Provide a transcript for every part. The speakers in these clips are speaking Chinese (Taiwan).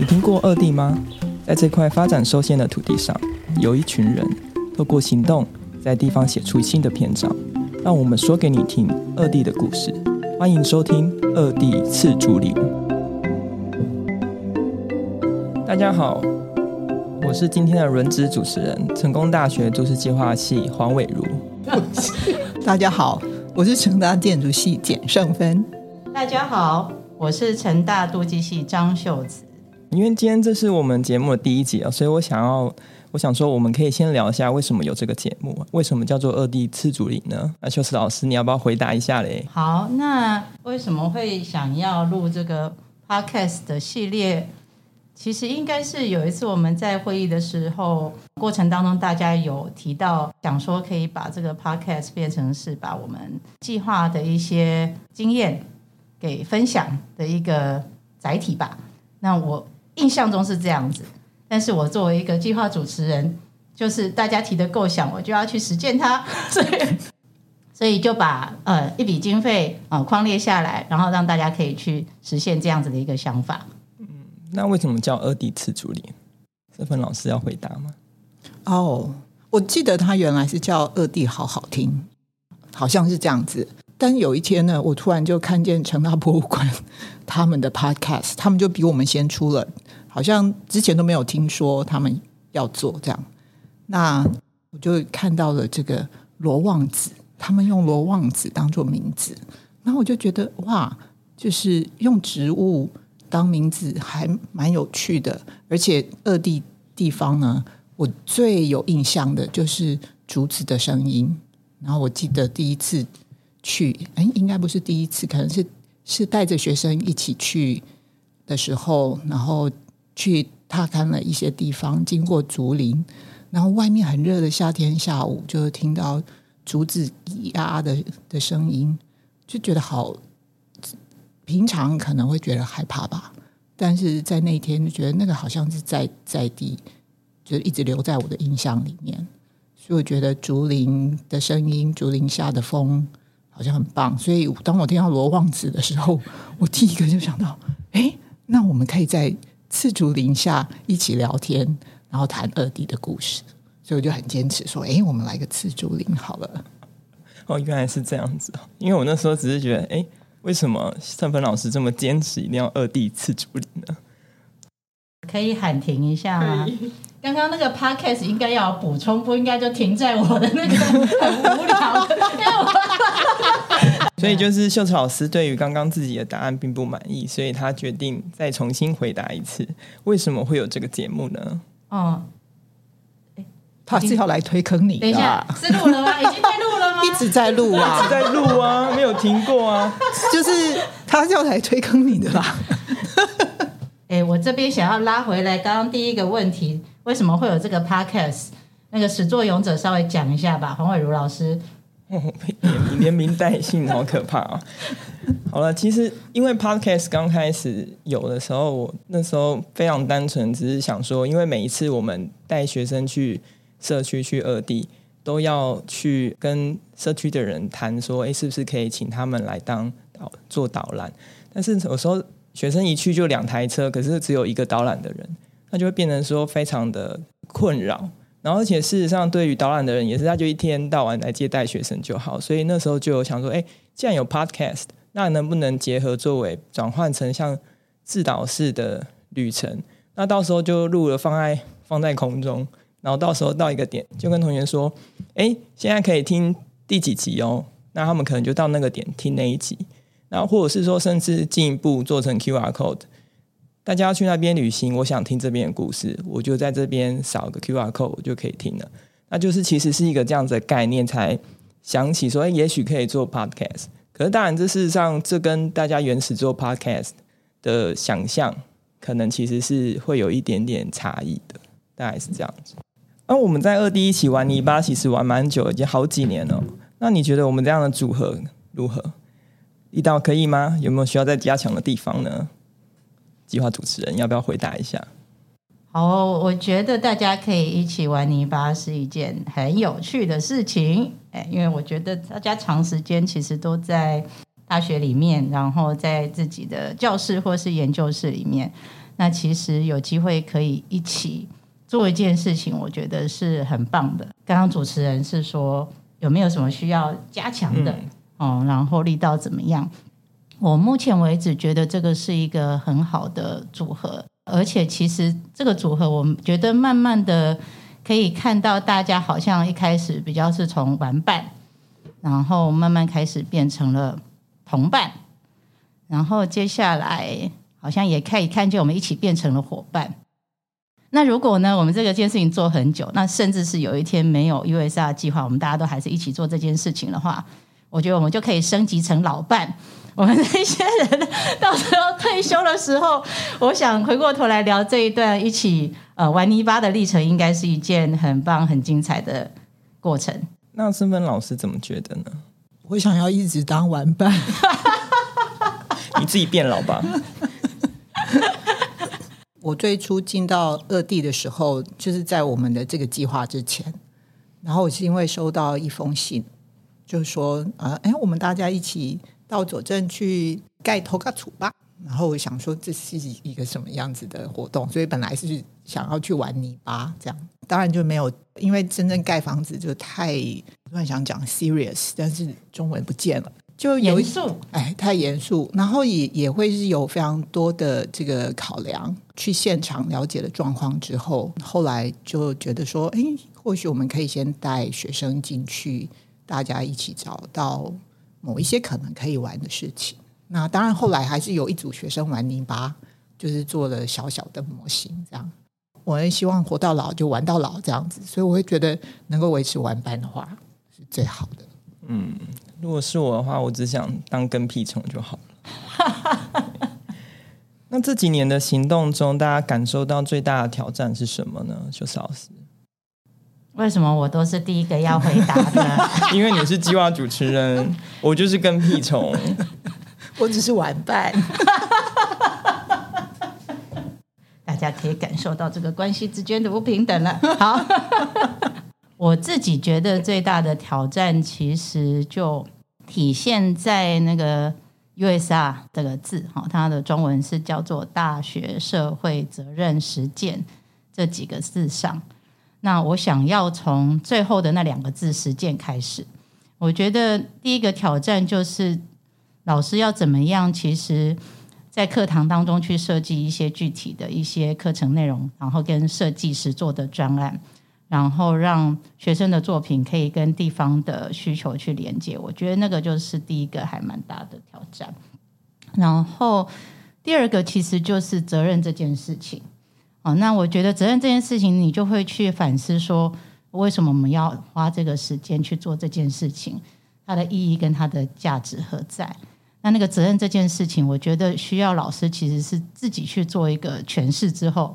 你聽過惡地嗎？在這塊發展受限的土地上，有一群人透過行動，在地方寫出新的篇章。讓我們說給你聽惡地的故事。歡迎收聽《惡地莿竹林》。大家好，我是今天的輪值主持人，成功大學都市計劃系黃偉茹 大大。大家好，我是成大建築系簡聖芬。大家好，我是成大都計系張秀慈。因為今天這是我們節目的第一集啊，所以我想要，我想說，我們可以先聊一下為什麼有這個節目，為什麼叫做惡地莿竹林呢？那秀慈老師，你要不要回答一下嘞？好，那為什麼會想要錄這個 podcast 的系列？其實應該是有一次我們在會議的時候過程當中，大家有提到，想說可以把這個 podcast 變成是把我們計劃的一些經驗給分享的一個載體吧。那我。印象中是這樣子，但是我作為一個計劃主持人，就是大家提的構想，我就要去實踐它，所以 所以就把呃一筆經費啊，呃、框列下來，然後讓大家可以去實現這樣子的一個想法。嗯，那為什麼叫惡地莿竹林？聖芬老師要回答嗎？哦、oh,，我記得他原來是叫惡地，好好聽，好像是這樣子。但有一天呢，我突然就看見成大博物館他們的 podcast，他們就比我們先出了。好像之前都沒有聽說他們要做這樣，那我就看到了這個羅望子。他們用羅望子當做名字，然後我就覺得哇，就是用植物當名字還蠻有趣的。而且惡地地方呢，我最有印象的就是竹子的聲音。然後我記得第一次去，哎，應該不是第一次，可能是是帶着學生一起去的時候，然後。去踏勘了一些地方，經過竹林，然後外面很熱的夏天下午，就聽到竹子咿呀的的聲音，就覺得好。平常可能會覺得害怕吧，但是在那天就覺得那個好像是在在地，就一直留在我的印象裡面。所以我覺得竹林的聲音，竹林下的風好像很棒。所以當我聽到羅望子的時候，我第一個就想到，哎，那我們可以在。莿竹林下一起聊天，然後談惡地的故事，所以我就很堅持說：“哎、欸，我們來個莿竹林好了。”哦，原來是這樣子。因為我那時候只是覺得，哎、欸，為什麼聖芬老師這麼堅持一定要惡地莿竹林呢？可以喊停一下嗎？剛剛那個 podcast 應該要有補充，不應該就停在我的那個很無聊。 為我 所以就是秀慈老師對於剛剛自己的答案並不滿意，所以他決定再重新回答一次。為什麼會有這個節目呢？哦、嗯欸，他是要來推坑你的、啊？等一下，是錄了嗎？已經在錄了嗎？ 一直在錄啊，一直錄、啊、 在錄啊，沒有停過啊。 就是他是要來推坑你的啦、啊。哎、 欸，我這邊想要拉回來，剛剛第一個問題，為什麼會有這個 podcast？那個始作俑者稍微講一下吧，黃偉茹老師。哦，連名帶姓好可怕啊！ 好了，其實因為 Podcast 剛開始有的時候，我那時候非常單純，只是想說，因為每一次我們帶學生去社區去惡地，都要去跟社區的人談，說，哎，是不是可以請他們來當做導覽？但是有時候學生一去就兩台車，可是只有一個導覽的人，那就會變成說非常的困擾。然後，而且事實上，對於導覽的人也是，他就一天到晚來接待學生就好。所以那時候就有想說，哎，既然有 podcast，那能不能結合作為轉換成像自導式的旅程？那到時候就錄了放在放在空中，然後到時候到一個點，就跟同學說，哎，現在可以聽第幾集哦。那他們可能就到那個點聽那一集，然後或者是說，甚至進一步做成 QR code。大家要去那邊旅行，我想聽這邊的故事，我就在這邊掃個 QR code，我就可以聽了。那就是其實是一個這樣子的概念，才想起說，哎、欸，也許可以做 podcast。可是當然，這事實上這跟大家原始做 podcast 的想象，可能其實是會有一點點差異的。大概是這樣子。那、啊、我們在惡地一起玩泥巴，其實玩蠻久了，已經好幾年了。那你覺得我們這樣的組合如何？一道可以嗎？有沒有需要再加強的地方呢？計劃主持人，要不要回答一下？好，我覺得大家可以一起玩泥巴是一件很有趣的事情。哎、欸，因為我覺得大家長時間其實都在大學裡面，然後在自己的教室或是研究室裡面，那其實有機會可以一起做一件事情，我覺得是很棒的。剛剛主持人是說有沒有什麼需要加強的，嗯？哦，然後力道怎麼樣？我目前為止覺得這個是一個很好的組合，而且其實這個組合，我覺得慢慢的可以看到大家好像一開始比較是從玩伴，然後慢慢開始變成了同伴，然後接下來好像也可以看見我們一起變成了夥伴。那如果呢，我們這個件事情做很久，那甚至是有一天沒有 USR 計劃，我們大家都還是一起做這件事情的話，我覺得我們就可以升級成老伴。我們那些人到時候退休的時候，我想回過頭來聊這一段一起呃玩泥巴的歷程，應該是一件很棒、很精彩的過程。那聖芬老師怎麼覺得呢？我想要一直當玩伴， 你自己變老吧。 我最初進到惡地的時候，就是在我們的這個計劃之前，然後我是因為收到一封信，就是說啊，哎、呃，我們大家一起。到左鎮去蓋土埆厝吧，然後我想說這是一個什麼樣子的活動，所以本來是想要去玩泥巴，這樣當然就沒有，因為真正蓋房子就太亂，想講 serious，但是中文不見了，就有一嚴肅，哎，太嚴肅，然後也也會是有非常多的這個考量，去現場了解的狀況之後，後來就覺得說，哎，或許我們可以先帶學生進去，大家一起找到。某一些可能可以玩的事情，那當然後來還是有一組學生玩泥巴，就是做了小小的模型，這樣。我也希望活到老就玩到老這樣子，所以我會覺得能夠維持玩伴的話是最好的。嗯，如果是我的話，我只想當跟屁蟲就好了。 那這幾年的行動中，大家感受到最大的挑戰是什麼呢？就是老師。為什麼我都是第一個要回答呢？ 因為你是計劃主持人，我就是跟屁蟲， 我只是玩伴。 大家可以感受到這個關係之間的不平等了。 好，我自己覺得最大的挑戰，其實就體現在那個 USR 這個字，哈，它的中文是叫做“大學社會責任實踐”這幾個字上。那我想要從最後的那兩個字實踐開始，我覺得第一個挑戰就是老師要怎麼樣，其實在課堂當中去設計一些具體的一些課程內容，然後跟設計師做的專案，然後讓學生的作品可以跟地方的需求去連接。我覺得那個就是第一個還蠻大的挑戰。然後第二個其實就是責任這件事情。哦，那我覺得責任這件事情，你就會去反思說，為什麼我們要花這個時間去做這件事情？它的意義跟它的價值何在？那那個責任這件事情，我覺得需要老師其實是自己去做一個詮釋之後，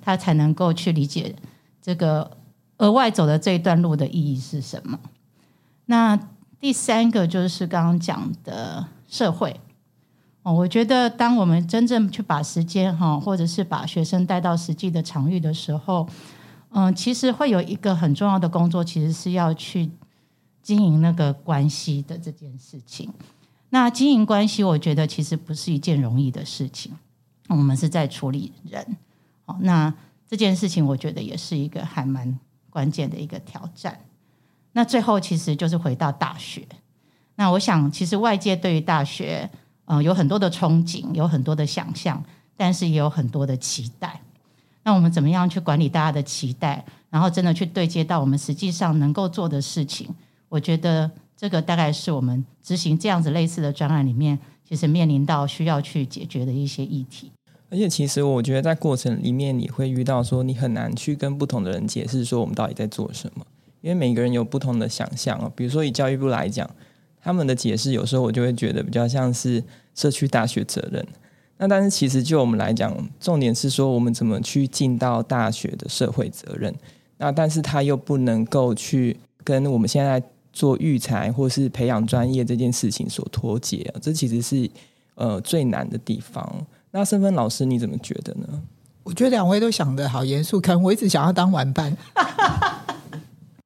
他才能夠去理解這個額外走的這一段路的意義是什麼。那第三個就是剛剛講的社會。我覺得當我們真正去把時間哈，或者是把學生帶到實際的場域的時候，嗯，其實會有一個很重要的工作，其實是要去經營那個關係的這件事情。那經營關係，我覺得其實不是一件容易的事情。我們是在處理人，哦，那這件事情我覺得也是一個還蠻關鍵的一個挑戰。那最後其實就是回到大學。那我想，其實外界對於大學，呃，有很多的憧憬，有很多的想象，但是也有很多的期待。那我們怎麼樣去管理大家的期待，然後真的去對接到我們實際上能夠做的事情？我覺得這個大概是我們執行這樣子類似的專案裡面，其實面臨到需要去解決的一些議題。而且，其實我覺得在過程裡面，你會遇到說，你很難去跟不同的人解釋說我們到底在做什麼，因為每個人有不同的想象哦。比如說，以教育部來講。他們的解釋有時候，我就會覺得比較像是社區大學責任，那但是其實就我們來講，重點是說我們怎麼去盡到大學的社會責任，那但是他又不能夠去跟我們現在做育才或是培養專業這件事情所脫節啊，這其實是呃最難的地方。那聖芬老師你怎麼覺得呢？我覺得兩位都想得好嚴肅，可我一直想要當玩伴。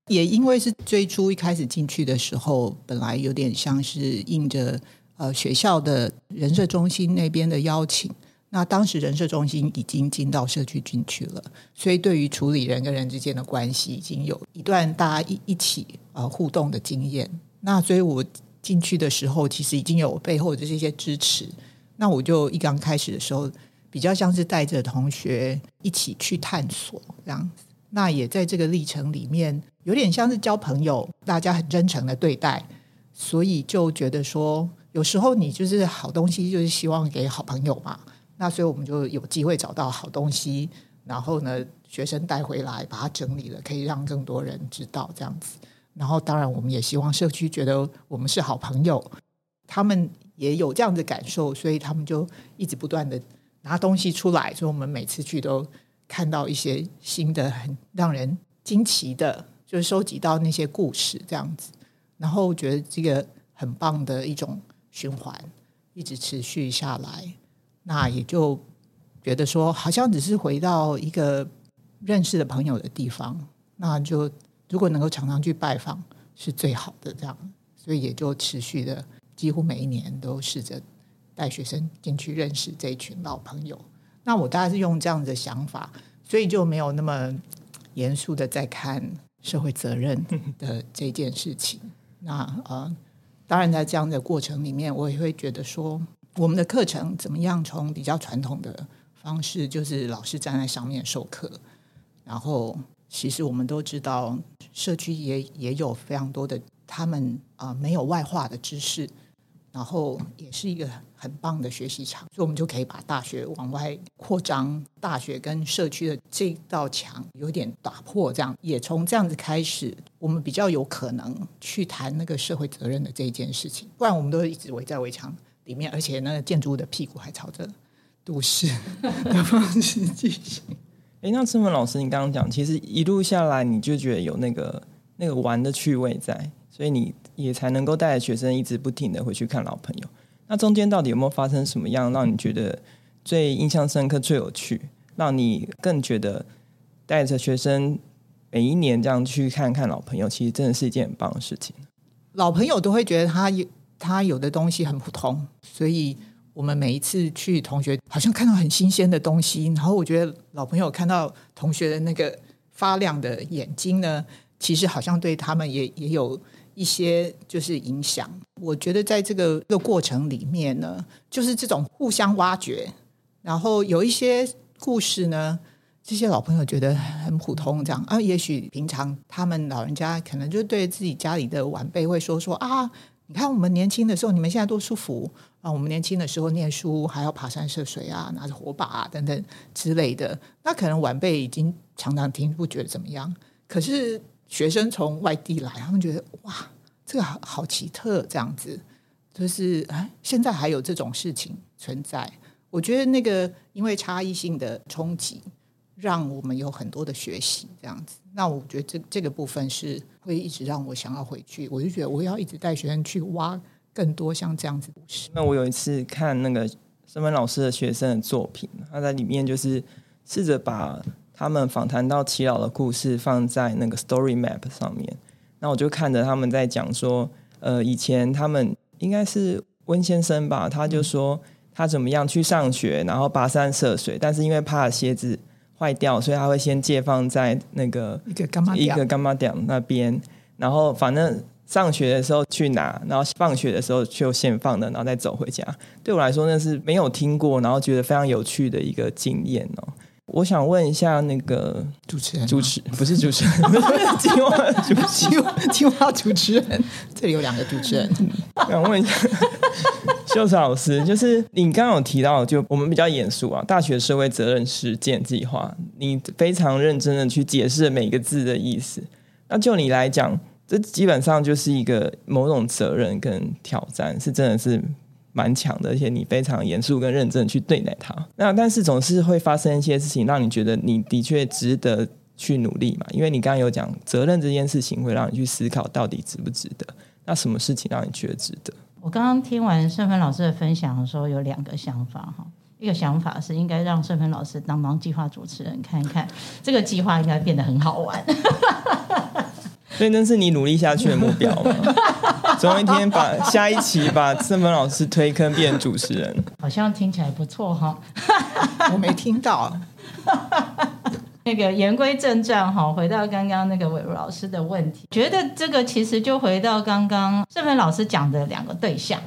也因為是最初一開始進去的時候，本來有點像是應着呃學校的人社中心那邊的邀請，那當時人社中心已經進到社區進去了，所以對於處理人跟人之間的關係，已經有一段大家一一起呃互動的經驗。那所以我進去的時候，其實已經有背後的這些支持，那我就一剛開始的時候，比較像是帶着同學一起去探索這樣。那也在這個歷程裡面，有點像是交朋友，大家很真誠的對待，所以就覺得說，有時候你就是好東西，就是希望給好朋友嘛。那所以我們就有機會找到好東西，然後呢，學生帶回來，把它整理了，可以讓更多人知道這樣子。然後當然，我們也希望社區覺得我們是好朋友，他們也有這樣的感受，所以他們就一直不斷地拿東西出來，所以我們每次去都看到一些新的、很讓人驚奇的，就是收集到那些故事這樣子，然後覺得這個很棒的一種循環，一直持續下來，那也就覺得說，好像只是回到一個認識的朋友的地方，那就如果能夠常常去拜訪，是最好的這樣，所以也就持續的，幾乎每一年都試着帶學生進去認識這一群老朋友。那我大概是用這樣的想法，所以就沒有那麼嚴肅的在看社會責任的這件事情。 那呃，當然在這樣的過程裡面，我也會覺得說，我們的課程怎麼樣從比較傳統的方式，就是老師站在上面授課，然後其實我們都知道，社區也也有非常多的他們啊，呃，沒有外化的知識。然後也是一個很棒的學習場，所以我們就可以把大學往外擴張，大學跟社區的這道牆有點打破，這樣也從這樣子開始，我們比較有可能去談那個社會責任的這一件事情。不然我們都一直圍在圍牆裡面，而且那個建築物的屁股還朝着都市的方式進行。哎，那聖芬老師，你剛剛講，其實一路下來，你就覺得有那個。那個玩的趣味在，所以你也才能夠帶着學生一直不停的回去看老朋友。那中間到底有沒有發生什麼樣，讓你覺得最印象深刻、最有趣，讓你更覺得帶着學生每一年這樣去看看老朋友，其實真的是一件很棒的事情。老朋友都會覺得他有他有的東西很普通，所以我們每一次去同學，好像看到很新鮮的東西。然後我覺得老朋友看到同學的那個發亮的眼睛呢。其實好像對他們也，也有一些就是影響。我覺得在這個的、這個、過程裡面呢，就是這種互相挖掘，然後有一些故事呢，這些老朋友覺得很普通，這樣啊，也許平常他們老人家可能就對自己家裡的晚輩會說說啊，你看我們年輕的時候，你們現在多舒服啊！我們年輕的時候念書還要爬山涉水啊，拿着火把啊，等等之類的。那可能晚輩已經常常聽，不覺得怎麼樣，可是。學生從外地來，他們覺得哇，這個好奇特，這樣子就是哎，現在還有這種事情存在。我覺得那個因為差異性的衝擊，讓我們有很多的學習，這樣子。那我覺得這,這個部分是會一直讓我想要回去。我就覺得我要一直帶學生去挖更多像這樣子的故事。那我有一次看那個聖芬老師的學生的作品，他在裡面就是試着把。他們訪談到祈老的故事放在那個 story map 上面，那我就看着他們在講說，呃，以前他們應該是溫先生吧，他就說他怎麼樣去上學，然後跋山涉水，但是因為怕鞋子壞掉，所以他會先借放在那個一個幹嘛一個幹嘛點那邊，然後反正上學的時候去拿，然後放學的時候就先放的，然後再走回家。對我來說那是沒有聽過，然後覺得非常有趣的一個經驗哦。我想問一下那個主持人，主持不是主持人，青蛙主，青蛙青蛙主持人， 這裡有兩個主持人，我想問一下 秀慈老師，就是你剛剛有提到，就我們比較嚴肅啊，大學社會責任實踐計劃，你非常認真的去解釋每個字的意思，那就你來講，這基本上就是一個某種責任跟挑戰，是真的是。蠻強的一些，而且你非常嚴肅跟認真去對待它。那但是總是會發生一些事情，讓你覺得你的確值得去努力嘛？因為你剛剛有講責任這件事情，會讓你去思考到底值不值得。那什麼事情讓你覺得值得？我剛剛聽完聖芬老師的分享的時候有兩個想法哈。一個想法是應該讓聖芬老師當忙計劃主持人看一看，看看這個計劃應該變得很好玩。 所以那是你努力下去的目標嗎？ 總有一天把下一期把聖芬老師推坑變主持人，好像聽起來不錯哈、哦，我沒聽到，啊。 那個言歸正傳哈、哦，回到剛剛那個偉茹老師的問題，覺得這個其實就回到剛剛聖芬老師講的兩個對象，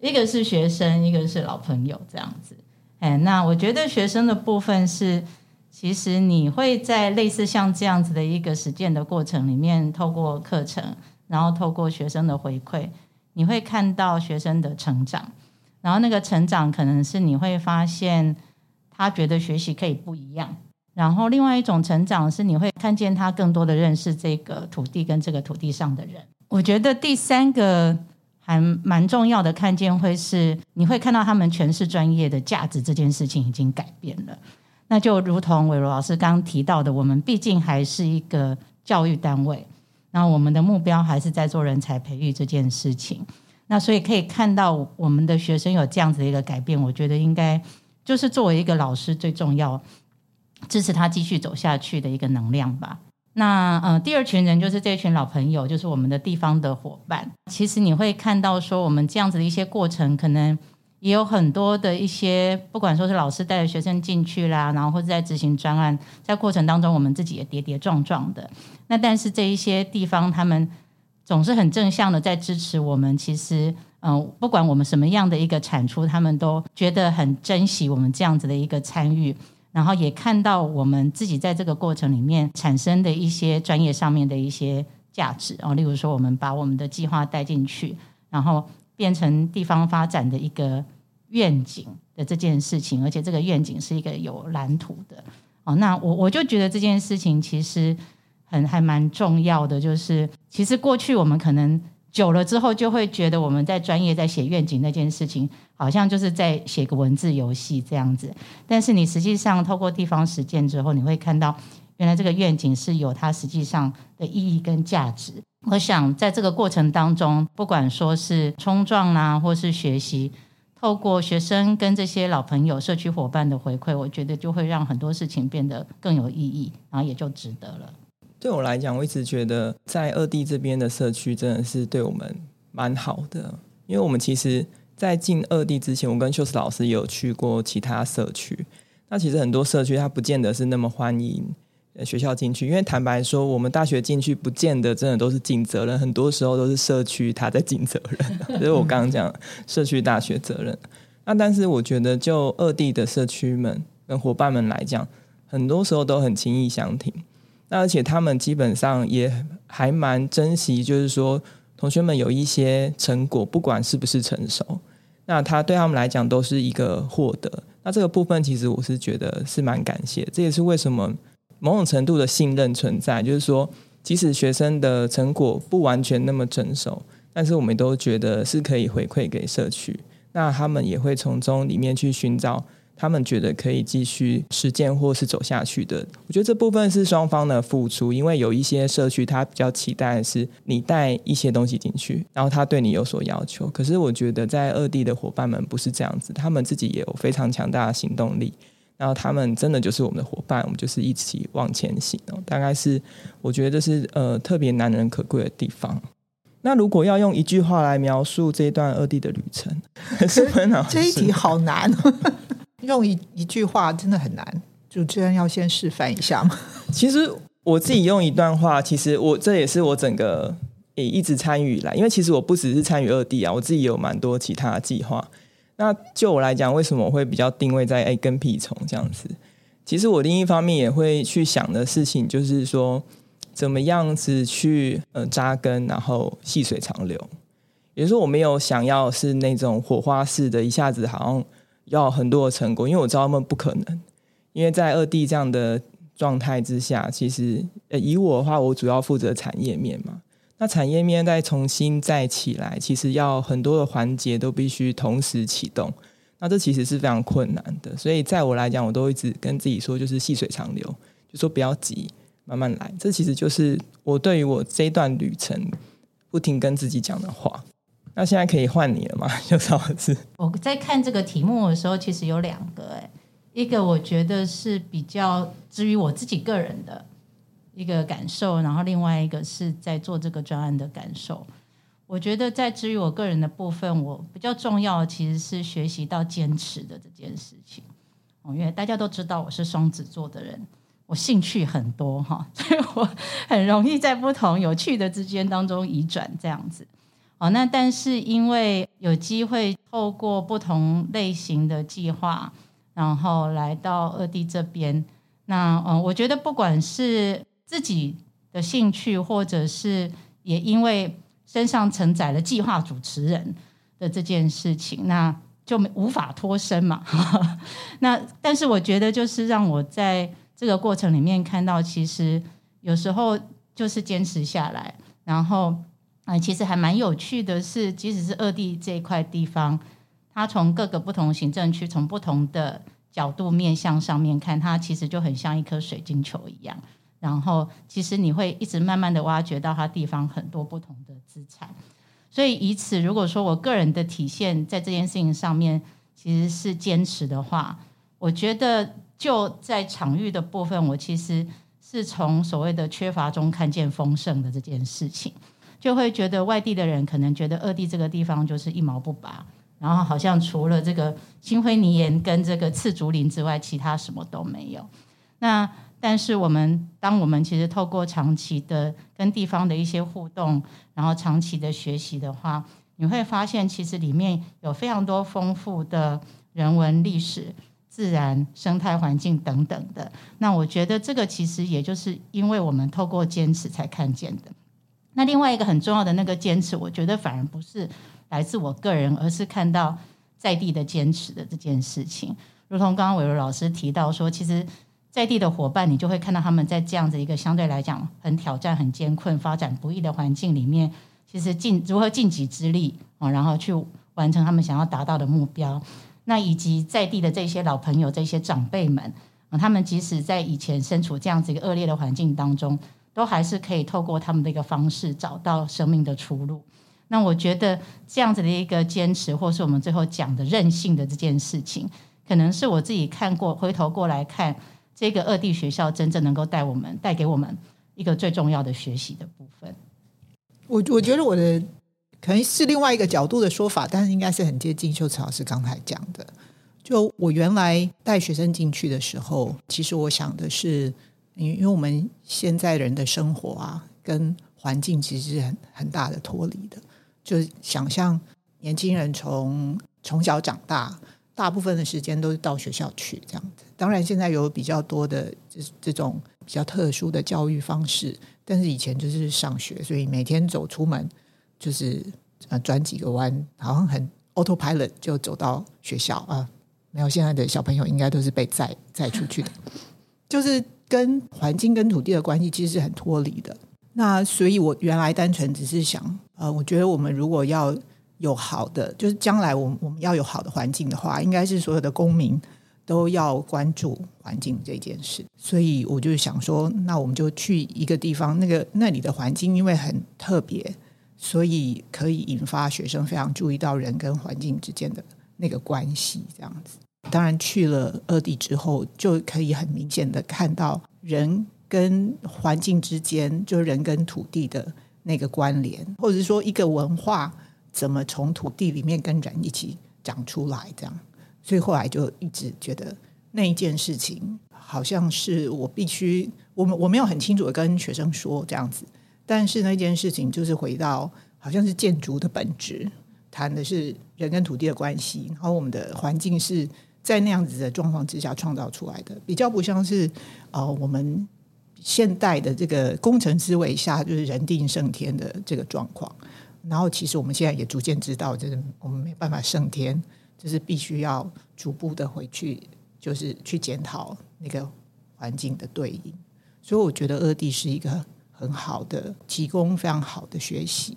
一個是學生，一個是老朋友這樣子。哎，那我覺得學生的部分是，其實你會在類似像這樣子的一個實踐的過程裡面，透過課程。然後透過學生的回饋，你會看到學生的成長。然後那個成長可能是你會發現他覺得學習可以不一樣。然後另外一種成長是你會看見他更多的認識這個土地跟這個土地上的人。我覺得第三個還蠻重要的看見會是你會看到他們詮釋專業的價值這件事情已經改變了。那就如同偉茹老師剛剛提到的，我們畢竟還是一個教育單位。那我們的目標還是在做人才培育這件事情。那所以可以看到我們的學生有這樣子的一個改變，我覺得應該就是作為一個老師最重要支持他繼續走下去的一個能量吧。那呃，第二群人就是這群老朋友，就是我們的地方的夥伴。其實你會看到說我們這樣子的一些過程，可能。也有很多的一些，不管說是老師帶着學生進去啦，然後或者在執行專案，在過程當中，我們自己也跌跌撞撞的。那但是這一些地方，他們總是很正向的在支持我們。其實，嗯、呃，不管我們什麼樣的一個產出，他們都覺得很珍惜我們這樣子的一個參與，然後也看到我們自己在這個過程裡面產生的一些專業上面的一些價值。然後、哦、例如說，我們把我們的計劃帶進去，然後。變成地方發展的一個願景的這件事情，而且這個願景是一個有藍圖的哦。那我我就覺得這件事情其實很還蠻重要的，就是其實過去我們可能久了之後，就會覺得我們在專業在寫願景那件事情，好像就是在寫個文字遊戲這樣子。但是你實際上透過地方實踐之後，你會看到。原來這個願景是有它實際上的意義跟價值。我想在這個過程當中，不管說是衝撞啊，或是學習，透過學生跟這些老朋友、社區夥伴的回饋，我覺得就會讓很多事情變得更有意義，然後也就值得了。對我來講，我一直覺得在惡地這邊的社區真的是對我們蠻好的，因為我們其實在進惡地之前，我跟秀慈老師也有去過其他社區，那其實很多社區它不見得是那麼歡迎。學校進去，因為坦白說，我們大學進去不見得真的都是盡責任，很多時候都是社區他在盡責任。所以我剛剛講，社區大學責任。那但是我覺得，就惡地的社區們跟伙伴們來講，很多時候都很輕易相挺。那而且他們基本上也還蠻珍惜，就是說同學們有一些成果，不管是不是成熟，那他對他們來講都是一個獲得。那這個部分其實我是覺得是蠻感謝，這也是為什麼。某種程度的信任存在，就是說，即使學生的成果不完全那麼成熟，但是我們都覺得是可以回饋給社區，那他們也會從中裡面去尋找他們覺得可以繼續實踐或是走下去的。我覺得這部分是雙方的付出，因為有一些社區他比較期待的是你帶一些東西進去，然後他對你有所要求。可是我覺得在惡地的夥伴們不是這樣子，他們自己也有非常強大的行動力。然後他們真的就是我們的夥伴，我們就是一起往前行，大概是我覺得這是呃特別難能可貴的地方。那如果要用一句話來描述這一段惡地的旅程，是這一題好難，用一句話真的很難。主持人要先示範一下嗎？其實我自己用一段話，其實我這也是我整個也一直參與以來，因為其實我不只是參與惡地啊，我自己也有蠻多其他的計劃。那就我來講，為什麼我會比較定位在哎跟屁蟲這樣子？其實我另一方面也會去想的事情，就是說怎麼樣子去呃扎根，然後細水長流。也就是說，我沒有想要是那種火花式的，一下子好像要很多的成果，因為我知道他們不可能。因為在惡地這樣的狀態之下，其實呃以我的話，我主要負責產業面嘛。那產業面再重新再起來，其實要很多的環節都必須同時啟動，那這其實是非常困難的。所以在我來講，我都一直跟自己說，就是細水長流，就說不要急，慢慢來。這其實就是我對於我這段旅程不停跟自己講的話。那現在可以換你了嗎？邱嫂子？我在看這個題目的時候，其實有兩個、欸，一個我覺得是比較至於我自己個人的。一個感受，然後另外一個是在做這個專案的感受。我覺得在至於我個人的部分，我比較重要其實是學習到堅持的這件事情。因為大家都知道我是雙子座的人，我興趣很多哈，所以我很容易在不同有趣的之間當中移轉這樣子。哦，那但是因為有機會透過不同類型的計劃，然後來到惡地這邊，那嗯，我覺得不管是自己的興趣，或者是也因為身上承載了計劃主持人的這件事情，那就無法脫身嘛。 那但是我覺得，就是讓我在這個過程裡面看到，其實有時候就是堅持下來，然後啊，其實還蠻有趣的是，是即使是惡地這一塊地方，它從各個不同行政區，從不同的角度面向上面看，它其實就很像一顆水晶球一樣。然後，其實你會一直慢慢的挖掘到它地方很多不同的資產，所以以此，如果說我個人的體現在這件事情上面，其實是堅持的話，我覺得就在場域的部分，我其實是從所謂的缺乏中看見豐盛的這件事情，就會覺得外地的人可能覺得惡地這個地方就是一毛不拔，然後好像除了這個星輝泥岩跟這個莿竹林之外，其他什麼都沒有。那但是我們，當我們其實透過長期的跟地方的一些互動，然後長期的學習的話，你會發現其實裡面有非常多豐富的人文歷史、自然生態環境等等的。那我覺得這個其實也就是因為我們透過堅持才看見的。那另外一個很重要的那個堅持，我覺得反而不是來自我個人，而是看到在地的堅持的這件事情。如同剛剛偉茹老師提到說，其實。在地的伙伴，你就會看到他們在這樣子一個相對來講很挑戰、很艱困、發展不易的環境裡面，其實盡如何盡己之力啊，然後去完成他們想要達到的目標。那以及在地的這些老朋友、這些長輩們，他們即使在以前身處這樣子一個惡劣的環境當中，都還是可以透過他們的一個方式找到生命的出路。那我覺得這樣子的一個堅持，或是我們最後講的任性的這件事情，可能是我自己看過，回頭過來看，這個惡地學校真正能夠帶我們，帶給我們一個最重要的學習的部分。我我覺得我的可能是另外一個角度的說法，但是應該是很接近秀慈老師剛才講的。就我原來帶學生進去的時候，其實我想的是，因為我們現在人的生活啊，跟環境其實是很很大的脫離的。就想象年輕人從從小長大。大部分的時間都是到學校去這樣子，當然現在有比較多的這種比較特殊的教育方式，但是以前就是上學，所以每天走出門就是呃轉幾個彎，好像很 autopilot 就走到學校啊。沒有現在的小朋友應該都是被載載出去的，就是跟環境跟土地的關係其實是很脫離的。那所以我原來單純只是想，呃，我覺得我們如果要。有好的，就是將來我們我們要有好的環境的話，應該是所有的公民都要關注環境這件事。所以我就想說，那我們就去一個地方，那個那裡的環境因為很特別，所以可以引發學生非常注意到人跟環境之間的那個關係。這樣子，當然去了惡地之後，就可以很明顯的看到人跟環境之間，就是人跟土地的那個關聯，或者是說一個文化，怎麼從土地裡面跟人一起長出來？這樣，所以後來就一直覺得那一件事情好像是我必須，我我沒有很清楚的跟學生說這樣子，但是那件事情就是回到好像是建築的本質，談的是人跟土地的關係，然後我們的環境是在那樣子的狀況之下創造出來的，比較不像是，呃，我們現代的這個工程思維下就是人定勝天的這個狀況。然後，其實我們現在也逐漸知道，就是我們沒辦法勝天，就是必須要逐步的回去，就是去檢討那個環境的對應。所以，我覺得惡地是一個很好的提供非常好的學習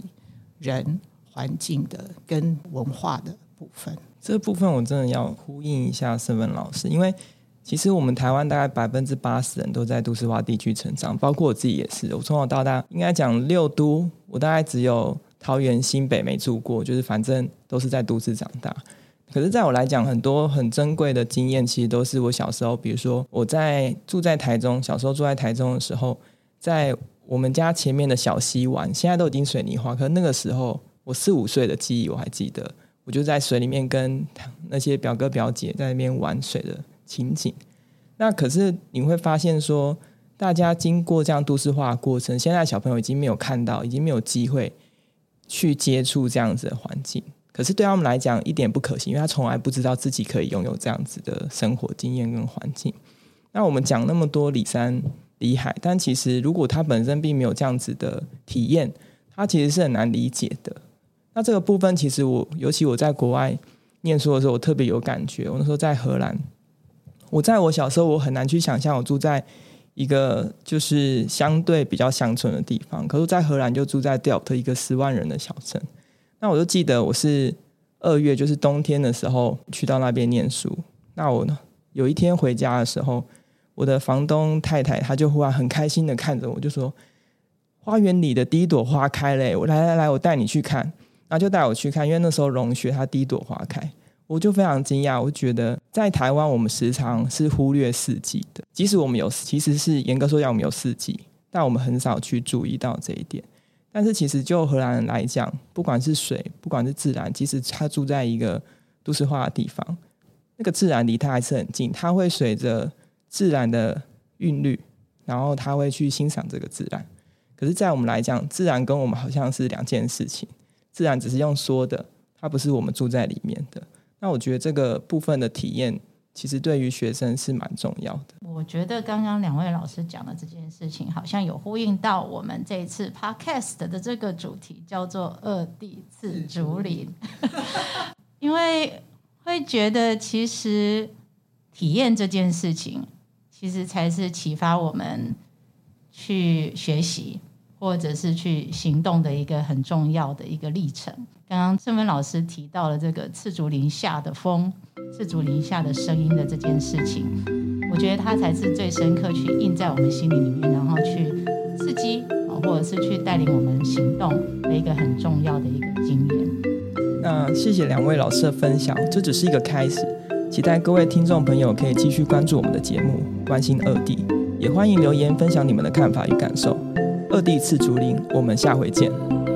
人環境的跟文化的部分。這部分我真的要呼應一下聖芬老師，因為其實我們台灣大概百分之八十人都在都市化地區成長，包括我自己也是。我從小到大，應該講六都，我大概只有。桃園新北沒住過，就是反正都是在都市長大。可是，在我來講，很多很珍貴的經驗，其實都是我小時候，比如說我在住在台中，小時候住在台中的時候，在我們家前面的小溪玩，現在都已經水泥化。可是那個時候，我四五歲的記憶我還記得，我就在水裡面跟那些表哥表姐在那邊玩水的情景。那可是你會發現說，說大家經過這樣都市化的過程，現在的小朋友已經沒有看到，已經沒有機會去接觸這樣子的環境，可是對他們來講一點不可行，因為他從來不知道自己可以擁有這樣子的生活經驗跟環境。那我們講那麼多里山里海，但其實如果他本身並沒有這樣子的體驗，他其實是很難理解的。那這個部分其實我，尤其我在國外念書的時候，我特別有感覺。我那時候在荷蘭，我在我小時候，我很難去想象我住在。一個就是相對比較鄉村的地方，可是，在荷蘭就住在 Delft 一個十萬人的小鎮。那我就記得我是二月，就是冬天的時候去到那邊念書。那我有一天回家的時候，我的房東太太她就忽然很開心的看着我，就說：“花園裡的第一朵花開嘞、欸！”我來來來，我帶你去看，那就帶我去看，因為那時候融雪它第一朵花開。我就非常驚訝，我覺得在台灣，我們時常是忽略四季的。即使我們有，其實是嚴格說，要我們有四季，但我們很少去注意到這一點。但是，其實就荷蘭人來講，不管是水，不管是自然，即使他住在一個都市化的地方，那個自然離他還是很近。他會隨着自然的韻律，然後他會去欣賞這個自然。可是，在我們來講，自然跟我們好像是兩件事情。自然只是用說的，它不是我們住在裡面的。那我覺得這個部分的體驗，其實對於學生是蠻重要的。我覺得剛剛兩位老師講的這件事情，好像有呼應到我們這一次 Podcast 的這個主題，叫做“惡地莿竹林”。 因為會覺得，其實體驗這件事情，其實才是啟發我們去學習。或者是去行動的一個很重要的一個歷程。剛剛聖芬老師提到了這個莿竹林下的風、莿竹林下的聲音的這件事情，我覺得它才是最深刻去印在我們心裡面，然後去刺激啊，或者是去帶領我們行動的一個很重要的一個經驗。那謝謝兩位老師的分享，這只是一個開始，期待各位聽眾朋友可以繼續關注我們的節目，關心惡地，也歡迎留言分享你們的看法與感受。惡地莿竹林，我們下回見。